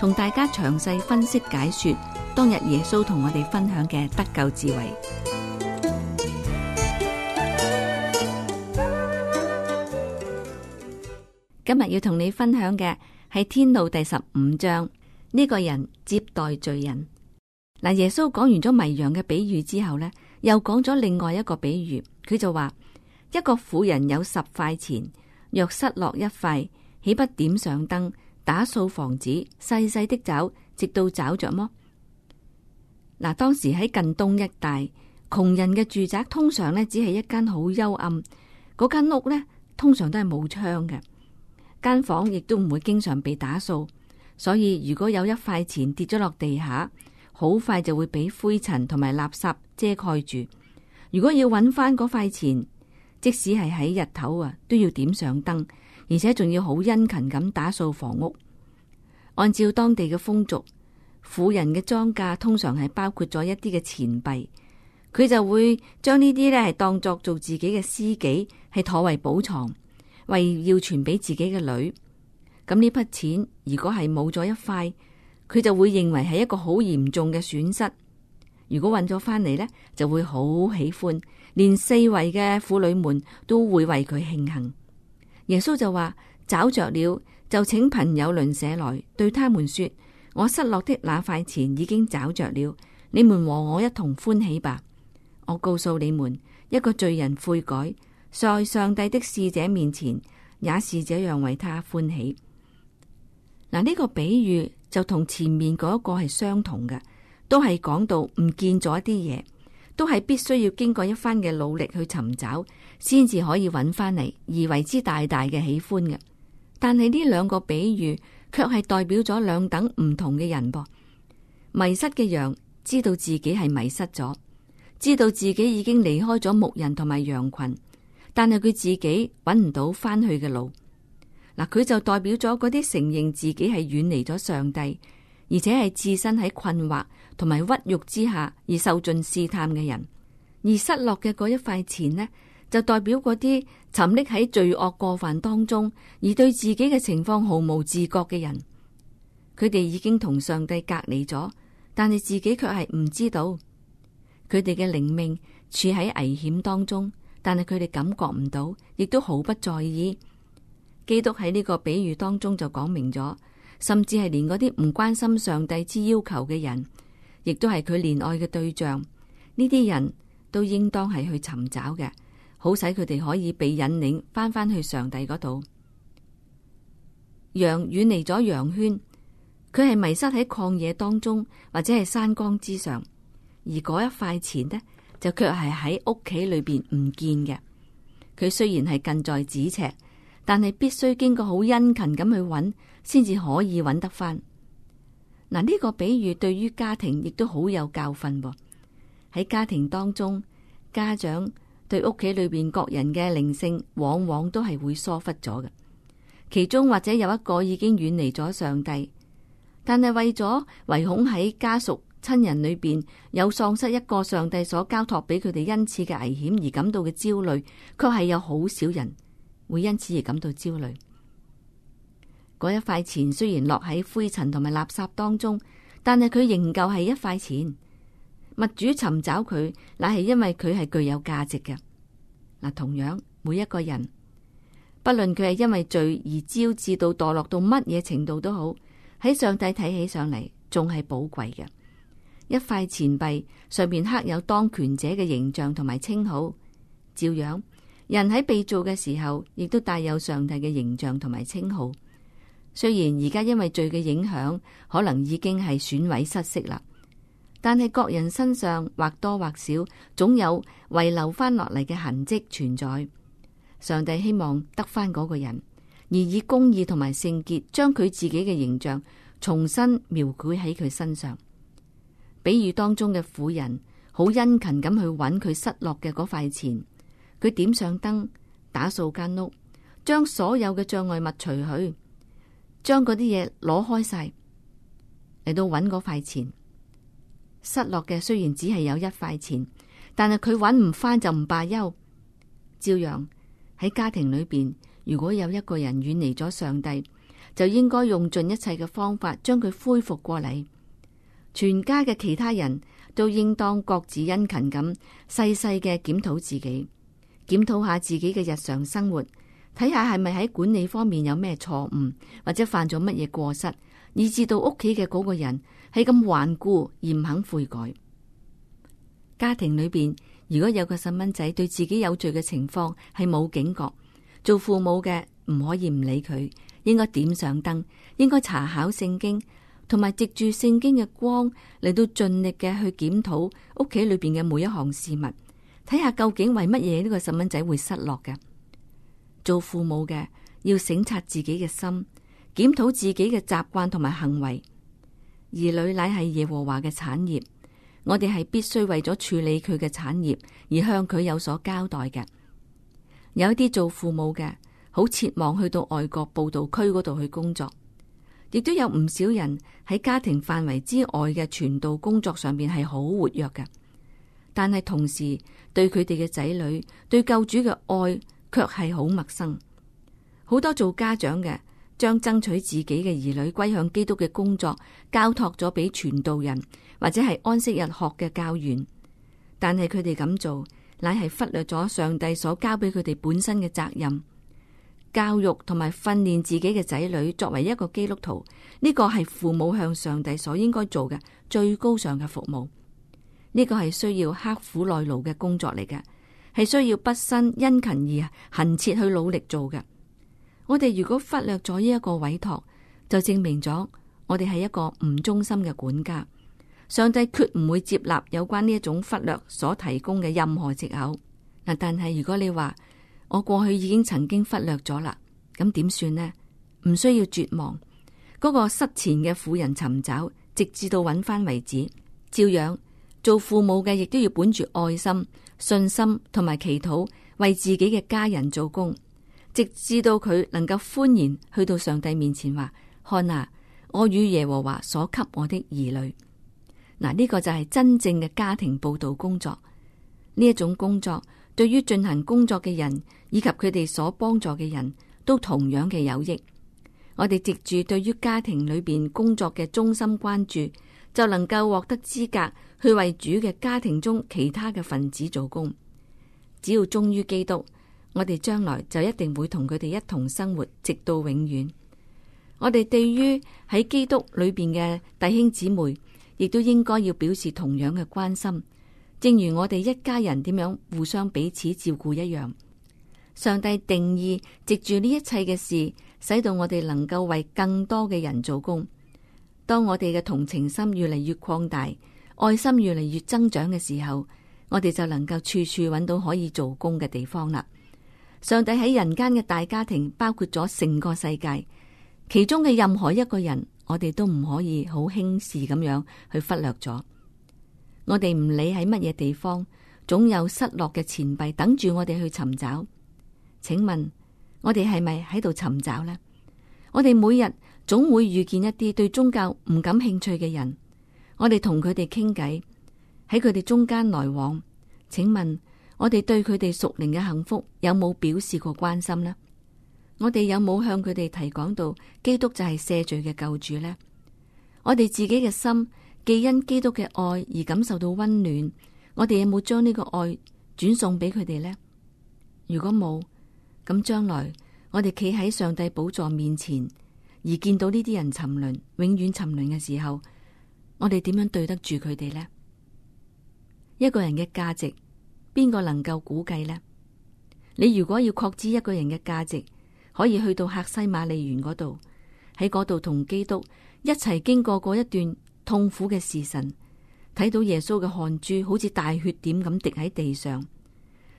同大家詳細分析解說當日耶穌同我哋分享嘅得救智慧。今日要同你分享嘅係《天路》第十五章呢、這個人接待罪人。嗱，耶穌講完咗迷羊嘅比喻之後呢又講咗另外一個比喻，佢就話：一個婦人有十塊錢，若失落一塊，豈不點上燈？打掃房子，細細的找，直到找着麼？嗱，當時喺近東一帶，窮人嘅住宅通常咧只係一間好幽暗，嗰間屋咧通常都係冇窗嘅，間房亦都唔會經常被打掃，所以如果有一塊錢跌咗落地下，好快就會俾灰塵同埋垃圾遮蓋住。如果要揾翻嗰塊錢，即使係喺日頭啊，都要點上燈。而且仲要好殷勤咁打掃房屋，按照當地嘅風俗，婦人嘅莊稼通常係包括咗一啲嘅錢幣，佢就會將呢啲咧係當作做自己嘅私己，係妥為保藏，為要傳俾自己嘅女。咁呢筆錢如果係冇咗一塊，佢就會認為係一個好嚴重嘅損失。如果揾咗返嚟咧，就會好喜歡，連四圍嘅婦女們都會為佢慶幸。耶穌就話：找着了，就請朋友鄰舍來，對他們說：我失落的那塊錢已經找着了，你們和我一同歡喜吧。我告訴你們，一個罪人悔改，在上帝的使者面前，也是這樣為他歡喜。嗱，呢個比喻就同前面嗰一個係相同嘅，都係講到唔見咗一啲嘢。都係必須要經過一番嘅努力去尋找，先至可以揾翻嚟而為之大大嘅喜歡嘅。但係呢兩個比喻，卻係代表咗兩等唔同嘅人噃。迷失嘅羊知道自己係迷失咗，知道自己已經離開咗牧人同埋羊群，但係佢自己揾唔到翻去嘅路。嗱，佢就代表咗嗰啲承認自己係遠離咗上帝，而且係置身喺困惑。同埋屈辱之下而受盡試探嘅人，而失落嘅嗰一塊錢呢，就代表嗰啲沉溺喺罪惡過犯當中而對自己嘅情況毫無自覺嘅人。佢哋已經同上帝隔離咗，但係自己卻係唔知道，佢哋嘅靈命處喺危險當中，但係佢哋感覺唔到，亦都毫不在意。基督喺呢個比喻當中就講明咗，甚至係連嗰啲唔關心上帝之要求嘅人。亦都係佢戀愛嘅對象，呢啲人都應當係去尋找嘅，好使佢哋可以被引領翻返去上帝嗰度。羊遠離咗羊圈，佢係迷失喺曠野當中，或者係山崗之上，而嗰一塊錢呢，就卻係喺屋企裏邊唔見嘅。佢雖然係近在咫尺，但係必須經過好殷勤咁去揾，先至可以揾得翻。嗱、這、呢個比喻對於家庭亦都好有教訓喎、哦。喺家庭當中，家長對屋企裏邊各人嘅靈性，往往都係會疏忽咗嘅。其中或者有一個已經遠離咗上帝，但係為咗唯恐喺家屬親人裏邊有喪失一個上帝所交託俾佢哋，因此嘅危險而感到嘅焦慮，卻係有好少人會因此而感到焦慮。嗰一塊錢雖然落喺灰塵同埋垃圾當中，但係佢仍舊係一塊錢。物主尋找佢，乃係因為佢係具有價值嘅嗱。同樣，每一個人不論佢係因為罪而招致到墮落到乜嘢程度都好，喺上帝睇起上嚟仲係寶貴嘅。一塊錢幣上面刻有當權者嘅形象同埋稱號，照樣人喺被造嘅時候亦都帶有上帝嘅形象同埋稱號。雖然而家因為罪嘅影響，可能已經係損毀失色啦，但係各人身上或多或少總有遺留翻落嚟嘅痕跡存在。上帝希望得翻嗰個人，而以公義同埋聖潔將佢自己嘅形象重新描繪喺佢身上。比喻當中嘅婦人，好殷勤咁去揾佢失落嘅嗰塊錢，佢點上燈，打掃間屋，將所有嘅障礙物除去。將嗰啲嘢攞開晒嚟到揾嗰塊錢，失落嘅雖然只係有一塊錢，但係佢揾唔返就唔罷休。照樣喺家庭裏邊，如果有一個人遠離咗上帝，就應該用盡一切嘅方法將佢恢復過嚟。全家嘅其他人都應當各自殷勤咁細細嘅檢討自己，檢討下自己嘅日常生活。睇下係咪喺管理方面有咩錯誤，或者犯咗乜嘢過失，以致到屋企嘅嗰個人係咁頑固而唔肯悔改。家庭裏邊，如果有個細蚊仔對自己有罪嘅情況係冇警覺，做父母嘅唔可以唔理佢，應該點上燈，應該查考聖經，同埋藉住聖經嘅光嚟到盡力嘅去檢討屋企裏邊嘅每一項事物，睇下究竟為乜嘢呢個細蚊仔會失落嘅。做父母嘅要省察自己嘅心，檢討自己嘅習慣同埋行為。兒女乃係耶和華嘅產業，我哋係必須為咗處理佢嘅產業而向佢有所交代嘅。有啲做父母嘅好切望去到外國報道區嗰度去工作，亦都有唔少人喺家庭範圍之外嘅傳道工作上面係好活躍嘅。但係同時，對佢哋嘅仔女對救主嘅愛。卻係好陌生，好多做家長嘅將爭取自己嘅兒女歸向基督嘅工作交託咗俾傳道人或者係安息日學嘅教員，但係佢哋咁做，乃係忽略咗上帝所交俾佢哋本身嘅責任，教育同埋訓練自己嘅仔女作為一個基督徒，呢個係父母向上帝所應該做嘅最高尚嘅服務，呢個係需要刻苦耐勞嘅工作嚟嘅。係需要畢生殷勤而行切去努力做嘅。我哋如果忽略咗呢一個委託，就證明咗我哋係一個唔忠心嘅管家。上帝決唔會接納有關呢一種忽略所提供嘅任何借口。嗱，但係如果你話我過去已經曾經忽略咗啦，咁點算呢？唔需要絕望。嗰個失錢嘅婦人尋找，直至到揾返為止，照樣做父母嘅亦都要本住愛心。信心同埋祈禱，為自己嘅家人做工，直至到佢能夠歡迎去到上帝面前，話：看啊，我與耶和華所給我的兒女。嗱，呢個就係真正嘅家庭報道工作。呢一種工作，對於進行工作嘅人以及佢哋所幫助嘅人都同樣嘅有益。我哋藉住對於家庭裏邊工作嘅忠心關注，就能夠獲得資格。去為主嘅家庭中其他嘅分子做工，只要忠於基督，我哋將來就一定會同佢哋一同生活，直到永遠。我哋對於喺基督裏邊嘅弟兄姊妹，亦都應該要表示同樣嘅關心，正如我哋一家人點樣互相彼此照顧一樣。上帝定義藉住呢一切嘅事，使到我哋能夠為更多嘅人做工。當我哋嘅同情心越嚟越擴大，愛心越嚟越增長嘅時候，我哋就能夠處處揾到可以做工嘅地方啦。上帝喺人間嘅大家庭，包括咗成個世界，其中嘅任何一個人，我哋都唔可以好輕視咁樣去忽略咗。我哋唔理喺乜嘢地方，總有失落嘅錢幣等住我哋去尋找。請問我哋係咪喺度尋找呢？我哋每日總會遇見一啲對宗教唔感興趣嘅人。我哋同佢哋傾偈，喺佢哋中間來往。請問我哋對佢哋屬靈嘅幸福有冇表示過關心呢？我哋有冇向佢哋提講到基督就係赦罪嘅救主呢？我哋自己嘅心既因基督嘅愛而感受到溫暖，我哋有冇將呢個愛轉送俾佢哋呢？如果冇，咁將來我哋企喺上帝寶座面前，而見到呢啲人沉淪，永遠沉淪嘅時候。我哋點樣對得住佢哋呢？一個人嘅價值，邊個能夠估計呢？你如果要確知一個人嘅價值，可以去到客西馬尼園嗰度，喺嗰度同基督一齊經過嗰一段痛苦嘅時辰，睇到耶穌嘅汗珠好似大血點咁滴喺地上，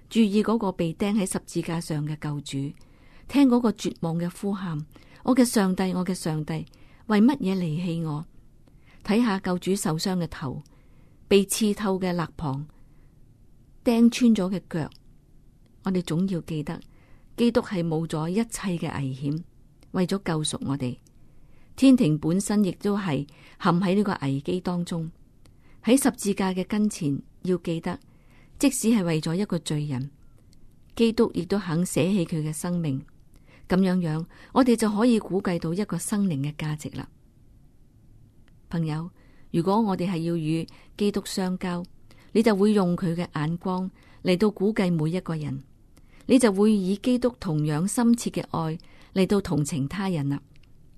注意嗰個被釘喺十字架上嘅救主，聽嗰個絕望嘅呼喊：我嘅上帝，我嘅上，上帝，為乜嘢離棄我？睇下救主受傷嘅頭，被刺透嘅肋旁，釘穿咗嘅腳，我哋總要記得，基督係冇咗一切嘅危險，為咗救贖我哋。天庭本身亦都係陷喺呢個危機當中。喺十字架嘅跟前，要記得，即使係為咗一個罪人，基督亦都肯捨棄佢嘅生命。咁樣樣，我哋就可以估計到一個生靈嘅價值啦。朋友，如果我哋係要與基督相交，你就會用佢嘅眼光嚟到估計每一個人，你就會以基督同樣深切嘅愛嚟到同情他人啦。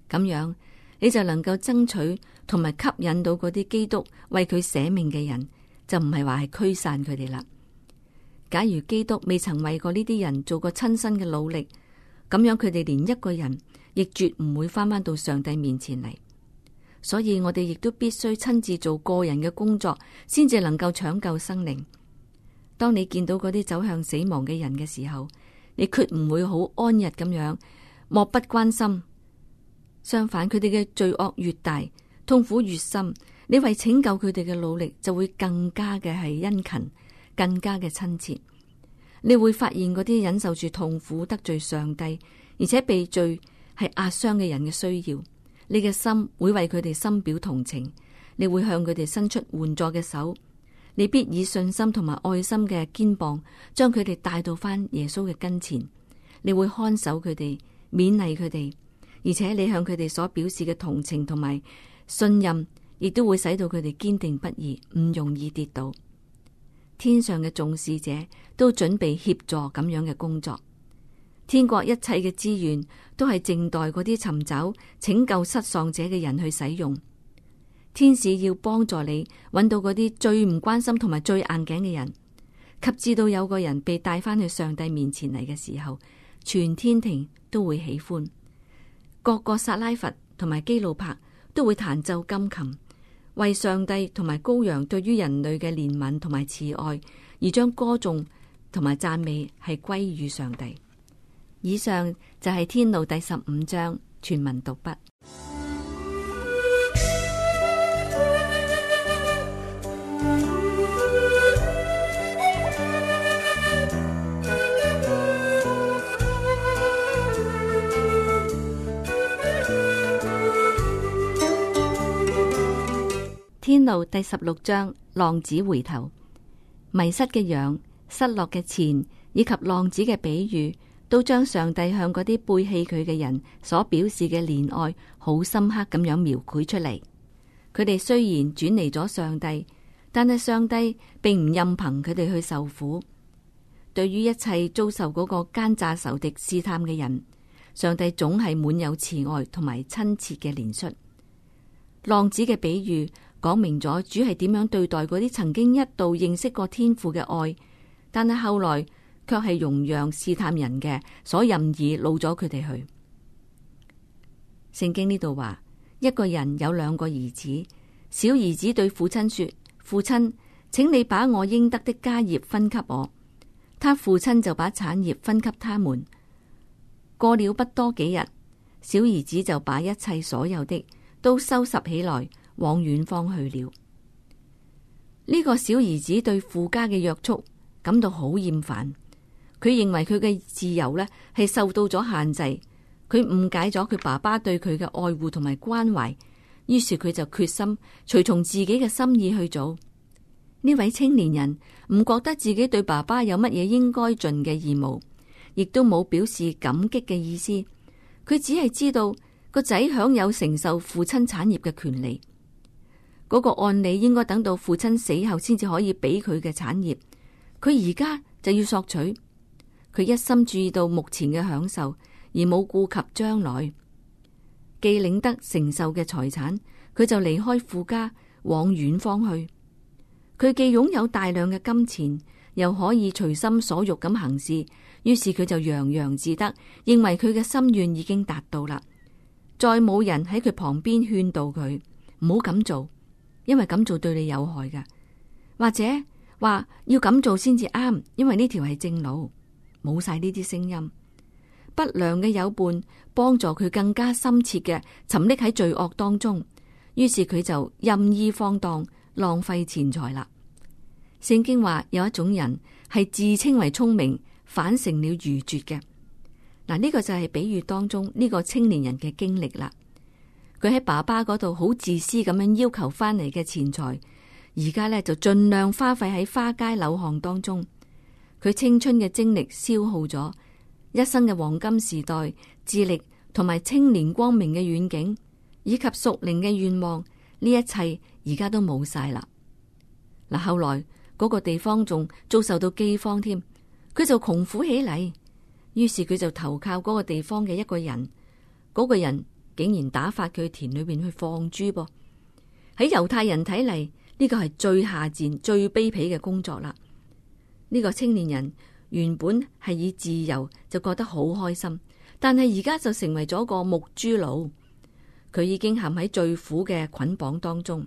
咁樣你就能夠爭取同埋吸引到嗰啲基督為佢捨命嘅人，就唔係話係驅散佢哋啦。假如基督未曾為過呢啲人做過親身嘅努力，咁樣佢哋連一個人亦絕唔會翻返到上帝面前嚟。所以我哋亦都必須親自做個人嘅工作，先至能夠搶救生靈。當你見到嗰啲走向死亡嘅人嘅時候，你絕唔會好安逸咁樣漠不關心。相反，佢哋嘅罪惡越大，痛苦越深，你為拯救佢哋嘅努力就會更加嘅係殷勤，更加嘅親切。你會發現嗰啲忍受住痛苦、得罪上帝而且被罪係壓傷嘅人嘅需要。你嘅心會為佢哋深表同情，你會向佢哋伸出援助嘅手，你必以信心同埋愛心嘅肩膀，將佢哋帶到翻耶穌嘅跟前。你會看守佢哋，勉勵佢哋，而且你向佢哋所表示嘅同情同埋信任，亦都會使到佢哋堅定不移，唔容易跌倒。天上嘅眾使者都準備協助咁樣嘅工作。天國一切嘅資源都係正待嗰啲尋找拯救失喪者嘅人去使用。天使要幫助你揾到嗰啲最唔關心同埋最硬頸嘅人，及至到有個人被帶翻去上帝面前嚟嘅時候，全天庭都會喜歡。各個薩拉佛同埋基路柏都會彈奏金琴，為上帝同埋羔羊對於人類嘅憐憫同埋慈愛而將歌頌同埋讚美係歸於上帝。以上就係《天路》第十五章全文讀筆，《天路》第十六章《浪子回頭》，迷失嘅羊、失落嘅錢，以及浪子嘅比喻。都將上帝向嗰啲背棄佢嘅人所表示嘅憐愛好深刻咁樣描繪出嚟。佢哋雖然轉離咗上帝，但係上帝並唔任憑佢哋去受苦。對於一切遭受嗰個奸詐仇敵試探嘅人，上帝總係滿有慈愛同埋親切嘅憐恤。浪子嘅比喻講明咗主係點樣對待嗰啲曾經一度認識過天父嘅愛，但係後來。卻係容讓試探人嘅所任意路咗佢哋去。聖經呢度話，一個人有兩個兒子，小兒子對父親說：父親，請你把我應得的家業分給我。他父親就把產業分給他們。過了不多幾日，小兒子就把一切所有的都收拾起來，往遠方去了。呢個小兒子對父家嘅約束感到好厭煩。佢認為佢嘅自由咧係受到咗限制，佢誤解咗佢爸爸對佢嘅愛護同埋關懷，於是佢就決心隨從自己嘅心意去做。呢位青年人唔覺得自己對爸爸有乜嘢應該盡嘅義務，亦都冇表示感激嘅意思。佢只係知道個仔享有承受父親產業嘅權利。嗰、那個按理應該等到父親死後先至可以俾佢嘅產業，佢而家就要索取。佢一心注意到目前嘅享受，而冇顧及將來。既領得承受嘅財產，佢就離開父家往遠方去。佢既擁有大量嘅金錢，又可以隨心所欲咁行事，於是佢就洋洋自得，認為佢嘅心願已經達到啦。再冇人喺佢旁邊勸導佢唔好咁做，因為咁做對你有害㗎，或者話要咁做先至啱，因為呢條係正路。冇晒呢啲聲音，不良嘅友伴幫助佢更加深切嘅沉溺喺罪惡當中，於是佢就任意放蕩，浪費錢財啦。聖經話有一種人係自稱為聰明，反成了愚拙嘅。嗱，呢個就係比喻當中呢個青年人嘅經歷啦。佢喺爸爸嗰度好自私咁樣要求翻嚟嘅錢財，而家咧就盡量花費喺花街柳巷當中。佢青春嘅精力消耗咗，一生嘅黃金時代、智力、同埋青年光明嘅遠景，以及屬靈嘅願望，呢一切而家都冇晒啦。嗱，後來嗰、那個地方仲遭受到饑荒添，佢就窮苦起嚟，於是佢就投靠嗰個地方嘅一個人，嗰、那個人竟然打發佢田裏邊去放豬噃。喺猶太人睇嚟，呢、這個係最下賤、最卑鄙嘅工作啦。呢個青年人原本係以自由就覺得好開心，但係而家就成為咗個木豬佬，佢已經陷喺最苦嘅捆綁當中，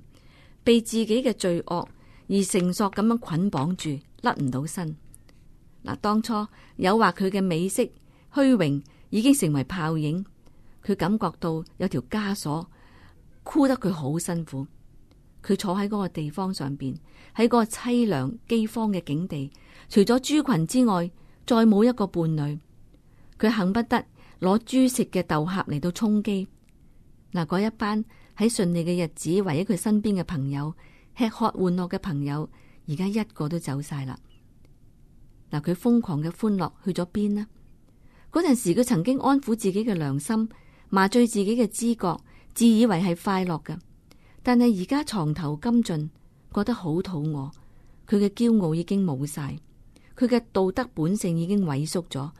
被自己嘅罪惡而繩索咁樣捆綁住，甩唔到身。嗱，當初誘惑佢嘅美色虛榮已經成為泡影，佢感覺到有條枷鎖箍得佢好辛苦。佢坐喺嗰個地方上邊，喺個淒涼饑荒嘅境地，除咗豬群之外，再冇一個伴侶。佢恨不得攞豬食嘅豆殼嚟到充飢。嗱，嗰一班喺順利嘅日子，唯一佢身邊嘅朋友，吃喝玩樂嘅朋友，而家一個都走晒啦。嗱，佢瘋狂嘅歡樂去咗邊呢？嗰陣時，佢曾經安撫自己嘅良心，麻醉自己嘅知覺，自以為係快樂嘅。但係而家床頭金盡，覺得好肚餓。佢嘅驕傲已經冇晒，佢嘅道德本性已經萎縮咗，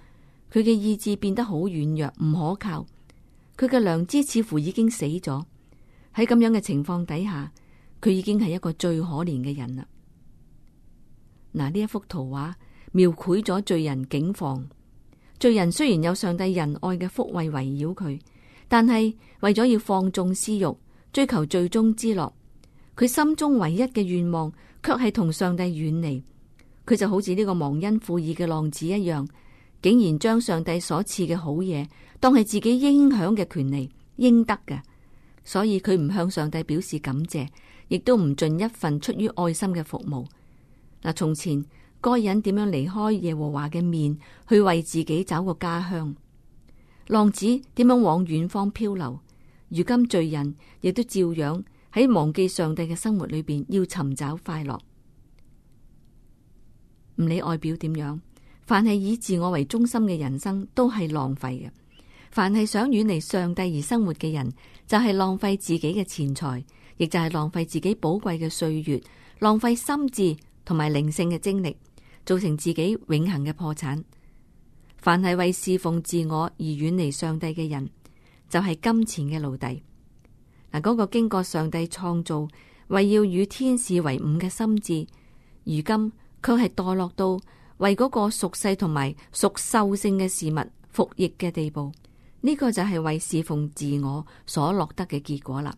佢嘅意志變得好軟弱唔可靠，佢嘅良知似乎已經死咗。喺咁樣嘅情況底下，佢已經係一個最可憐嘅人啦。嗱，呢一幅圖畫描繪咗罪人境況。罪人雖然有上帝仁愛嘅福惠圍繞佢，但係為咗要放縱私慾。追求最終之樂，佢心中唯一嘅願望，卻係同上帝遠離。佢就好似呢個忘恩負義嘅浪子一樣，竟然將上帝所賜嘅好嘢，當係自己應享嘅權利，應得嘅。所以佢唔向上帝表示感謝，亦都唔盡一份出於愛心嘅服務。嗱，從前該人點樣離開耶和華嘅面，去為自己找個家鄉？浪子點樣往遠方漂流？如今罪人亦都照樣喺忘記上帝嘅生活裏邊，要尋找快樂，唔理外表點樣。凡係以自我為中心嘅人生，都係浪費嘅。凡係想遠離上帝而生活嘅人，就係浪費自己嘅錢財，亦就係浪費自己寶貴嘅歲月，浪費心智同埋靈性嘅精力，造成自己永恒嘅破產。凡係為侍奉自我而遠離上帝嘅人。就係金錢嘅奴隸嗱，嗰個經過上帝創造，為要與天使為伍嘅心智，如今佢係墮落到為嗰個屬世同埋屬獸性嘅事物服役嘅地步。呢個就係為侍奉自我所落得嘅結果啦，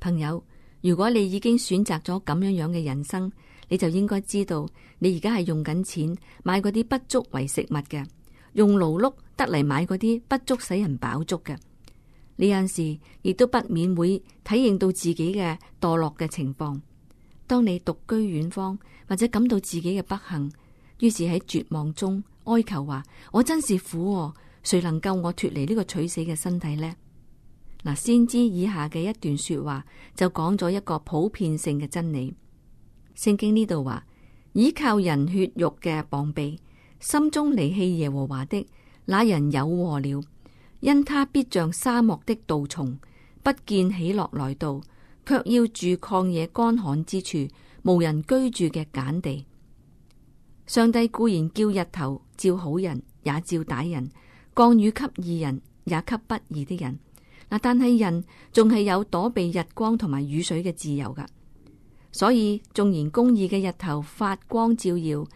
朋友。如果你已經選擇咗咁樣樣嘅人生，你就應該知道，你而家係用緊錢買嗰啲不足為食物嘅，用勞碌得嚟買嗰啲不足使人飽足嘅。呢陣時亦都不免會體驗到自己嘅墮落嘅情況。當你獨居遠方，或者感到自己嘅不幸，於是喺絕望中哀求話：我真是苦啊，誰能夠我脫離呢個取死嘅身體呢？嗱，先知以下嘅一段說話就講咗一個普遍性嘅真理。聖經呢度話：倚靠人血肉嘅膀臂，心中離棄耶和華的那人，有禍了。因他必像沙漠的杜松，不見喜樂來到，卻要住曠野乾旱之處，無人居住嘅鹼地。上帝固然叫日頭照好人，也照歹人；降雨給義人，也給不義的人。嗱，但係人仲係有躲避日光同埋雨水嘅自由噶，所以縱然公義嘅日頭發光照耀，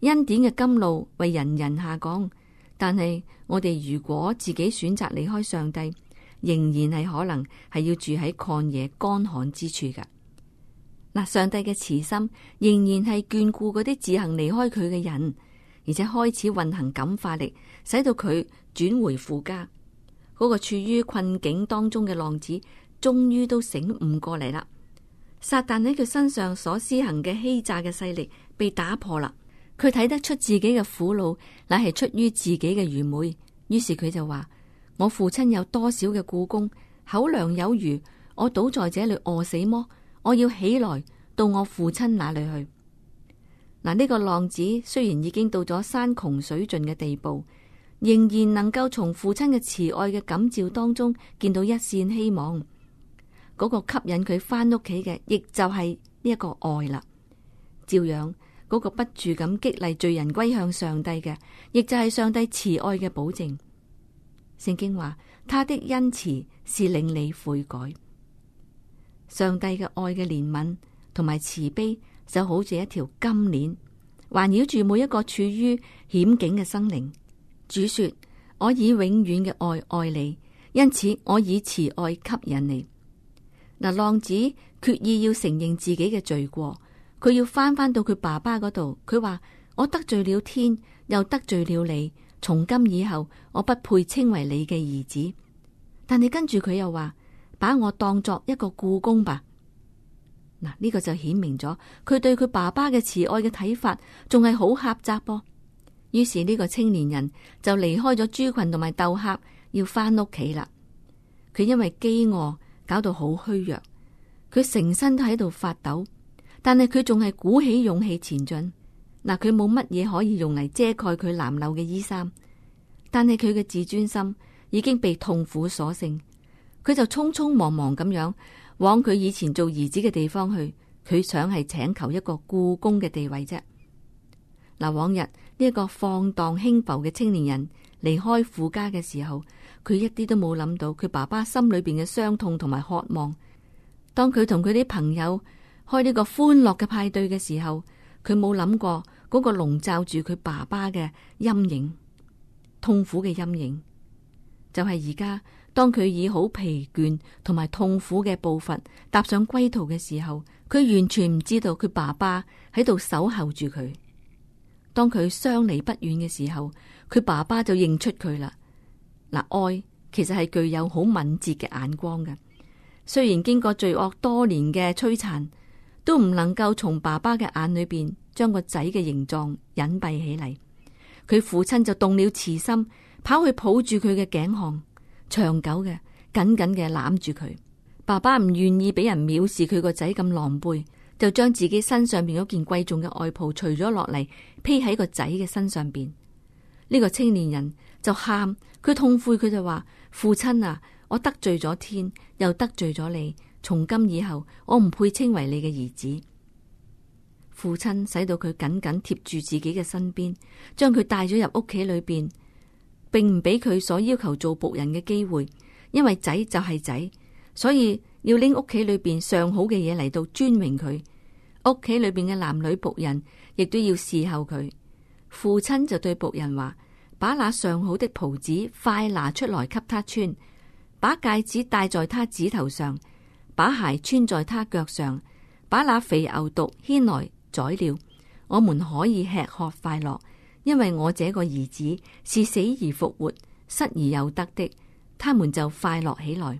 恩典嘅甘露為人人下降，但係。我哋如果自己選擇離開上帝，仍然係可能係要住喺曠野乾旱之處嘅。嗱，上帝嘅慈心仍然係眷顧嗰啲自行離開佢嘅人，而且開始運行感化力，使到佢轉回父家。嗰、那個處於困境當中嘅浪子，終於都醒悟過嚟啦。撒旦喺佢身上所施行嘅欺詐嘅勢力被打破啦。佢睇得出自己嘅苦惱，乃係出於自己嘅愚昧。於是佢就話：我父親有多少嘅僱工，口糧有餘，我倒在這裏餓死麼？我要起來到我父親那裏去。嗱，呢個浪子雖然已經到咗山窮水盡嘅地步，仍然能夠從父親嘅慈愛嘅感召當中見到一線希望。嗰、那個吸引佢翻屋企嘅，亦就係呢一個愛啦，照樣。嗰個不住咁激勵罪人歸向上帝嘅，亦就係上帝慈愛嘅保證。聖經話，他的恩慈是令你悔改。上帝嘅愛嘅憐憫同埋慈悲就好似一條金鏈，環繞住每一個處於險境嘅生靈。主說：我以永遠嘅愛愛你，因此我以慈愛吸引你。嗱，浪子決意要承認自己嘅罪過。佢要翻翻到佢爸爸嗰度，佢話，我得罪了天，又得罪了你，從今以後我不配稱為你嘅兒子。但係跟住佢又話，把我當作一個僱工吧。嗱，呢個就顯明咗佢對佢爸爸嘅慈愛嘅睇法仲係好狹窄噃。於是呢個青年人就離開咗豬群同埋斗客，要翻屋企啦。佢因為飢餓搞到好虛弱，佢成身都喺度發抖。但係佢仲係鼓起勇氣前進，嗱，佢冇乜嘢可以用嚟遮蓋佢襤褸嘅衣衫，但係佢嘅自尊心已經被痛苦所勝，佢就匆匆忙忙咁樣往佢以前做兒子嘅地方去，佢想係請求一個僱工嘅地位啫。嗱，往日呢一、這個放蕩輕浮嘅青年人離開富家嘅時候，佢一啲都冇諗到佢爸爸心裏邊嘅傷痛同埋渴望，當佢同佢啲朋友開呢個歡樂嘅派對嘅時候，佢冇諗過嗰個籠罩住佢爸爸嘅陰影、痛苦嘅陰影。就係而家，當佢以好疲倦同埋痛苦嘅步伐踏上歸途嘅時候，佢完全唔知道佢爸爸喺度守候住佢。當佢相離不遠嘅時候，佢爸爸就認出佢啦。嗱，愛其實係具有好敏捷嘅眼光嘅。雖然經過罪惡多年嘅摧殘。都唔能夠從爸爸嘅眼裏邊將個仔嘅形狀隱蔽起嚟，佢父親就動了慈心，跑去抱住佢嘅頸項，長久嘅緊緊嘅攬住佢。爸爸唔願意俾人藐視佢個仔咁狼狽，就將自己身上邊嗰件貴重嘅外袍除咗落嚟披喺個仔嘅身上邊。呢個青年人就喊，佢痛悔，佢就話：父親啊，我得罪咗天，又得罪咗你。從今以後，我唔配稱為你嘅兒子。父親使到佢緊緊貼住自己嘅身邊，將佢帶咗入屋企裏邊，並唔俾佢所要求做僕人嘅機會，因為仔就係仔，所以要拎屋企裏邊上好嘅嘢嚟到尊榮佢。屋企裏邊嘅男女僕人亦都要伺候佢。父親就對僕人話：「把那上好的袍子快拿出來給他穿，把戒指戴在他指頭上。把鞋穿在他腳上，把那肥牛犢牽來宰了，我們可以吃喝快樂，因為我這個兒子是死而復活、失而又得的，他們就快樂起來。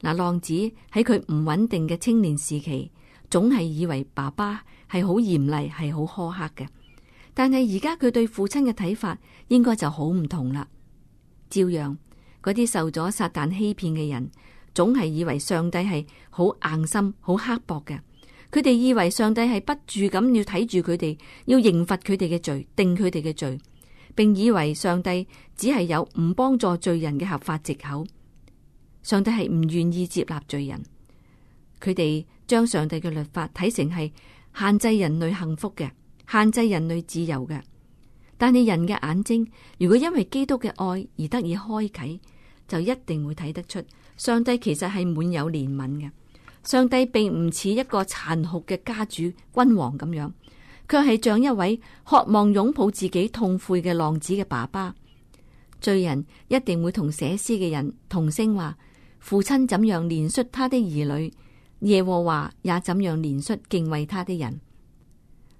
嗱，浪子喺佢唔穩定嘅青年時期，總係以為爸爸係好嚴厲、係好苛刻嘅，但係而家佢對父親嘅睇法應該就好唔同啦。照樣，嗰啲受咗撒旦欺騙嘅人。總係以為上帝係好硬心、好刻薄嘅。佢哋以為上帝係不住咁要睇住佢哋，要刑罰佢哋嘅罪，定佢哋嘅罪，並以為上帝只係有唔幫助罪人嘅合法藉口。上帝係唔願意接納罪人。佢哋將上帝嘅律法睇成係限制人類幸福嘅、限制人類自由嘅。但係人嘅眼睛如果因為基督嘅愛而得以開啟，就一定會睇得出。上帝其實係滿有憐憫嘅，上帝並唔似一個殘酷嘅家主君王咁樣，卻係像一位渴望擁抱自己痛悔嘅浪子嘅爸爸。罪人一定會同寫詩嘅人同聲話：父親怎樣憐恤他的兒女，耶和華也怎樣憐恤敬畏他的人。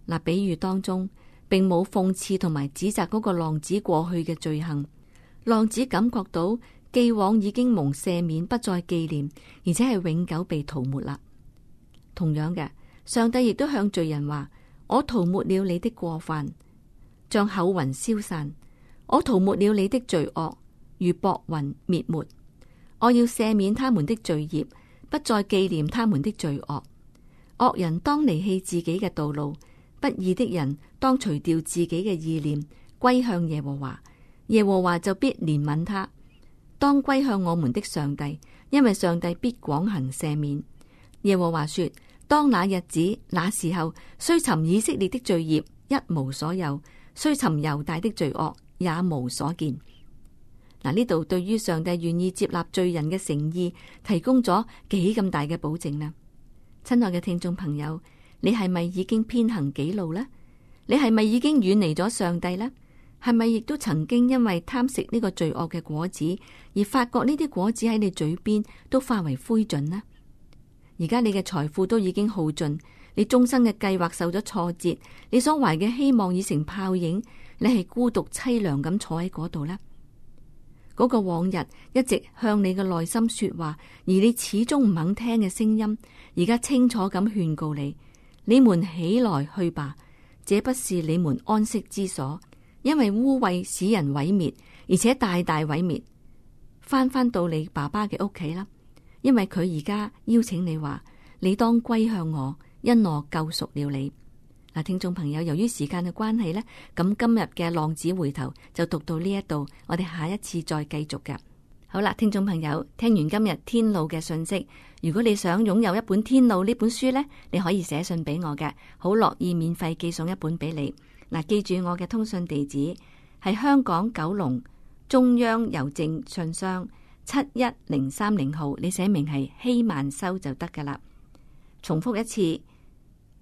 嗱，比喻當中並冇諷刺同埋指責嗰個浪子過去嘅罪行，浪子感覺到。既往已經蒙赦免，不再紀念，而且係永久被塗抹啦。同樣嘅，上帝亦都向罪人話：我塗抹了你的過犯，像厚雲消散；我塗抹了你的罪惡，如薄雲滅沒。我要赦免他們的罪孽，不再紀念他們的罪惡。惡人當離棄自己嘅道路，不義的人當除掉自己嘅意念，歸向耶和華，耶和華就必憐憫他。當歸向我們的上帝，因為上帝必廣行赦免。耶和華說：當那日子、那時候，雖尋以色列的罪孽一無所有，雖尋猶大的罪惡也無所見。嗱，呢度對於上帝願意接納罪人嘅誠意，提供咗幾咁大嘅保證啦！親愛嘅聽眾朋友，你係咪已經偏行己路呢？你係咪已經遠離咗上帝呢？係咪亦都曾經因為貪食呢個罪惡嘅果子，而發覺呢啲果子喺你嘴邊都化為灰燼呢？而家你嘅財富都已經耗盡，你終生嘅計劃受咗挫折，你所懷嘅希望已成泡影，你係孤獨淒涼咁坐喺嗰度呢？嗰個往日一直向你嘅內心說話，而你始終唔肯聽嘅聲音，而家清楚咁勸告你：你們起來去吧，這不是你們安息之所。因為污穢使人毀滅，而且大大毀滅。翻翻到你爸爸嘅屋企啦，因為佢而家邀請你話，你當歸向我，因我救贖了你。嗱，聽眾朋友，由於時間嘅關係呢，咁今日嘅浪子回頭就讀到呢一度，我哋下一次再繼續嘅。好啦，聽眾朋友，聽完今日天，天路嘅信息，如果你想擁有一本天路呢本書呢，你可以寫信俾我嘅，好樂意免費寄送一本俾你。嗱，記住我嘅通訊地址係香港九龍中央郵政信箱七一零三零號，你寫明係希曼修就得噶啦。重複一次，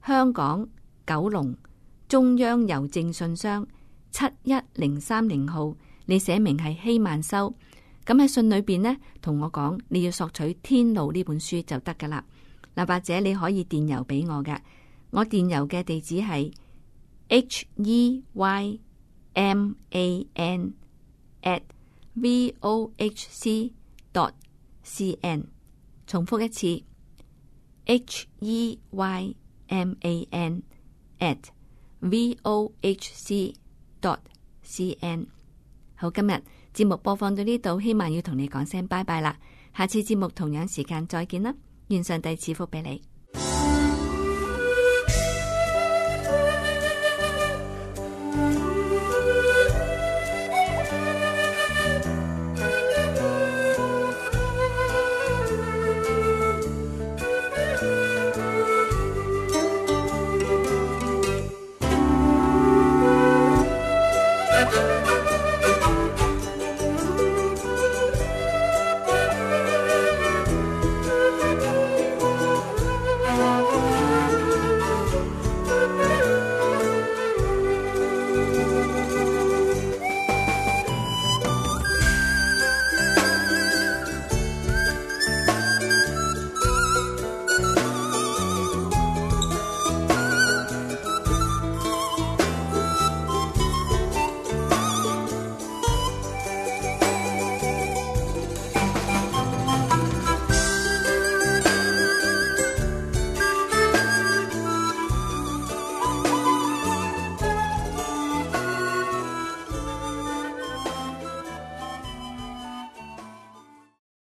香港九龍中央郵政信箱七一零三零號，你寫明係希曼修，咁喺信裏邊呢，同我講你要索取《天路》呢本書就得噶啦。嗱，或者你可以電郵俾我嘅，我電郵嘅地址係。Heyman at vohc dot cn，重複一次。Heyman at vohc dot cn。好，今日節目播放到呢度，希望要同你講聲拜拜啦。下次節目同樣時間再見啦。願上帝賜福俾你。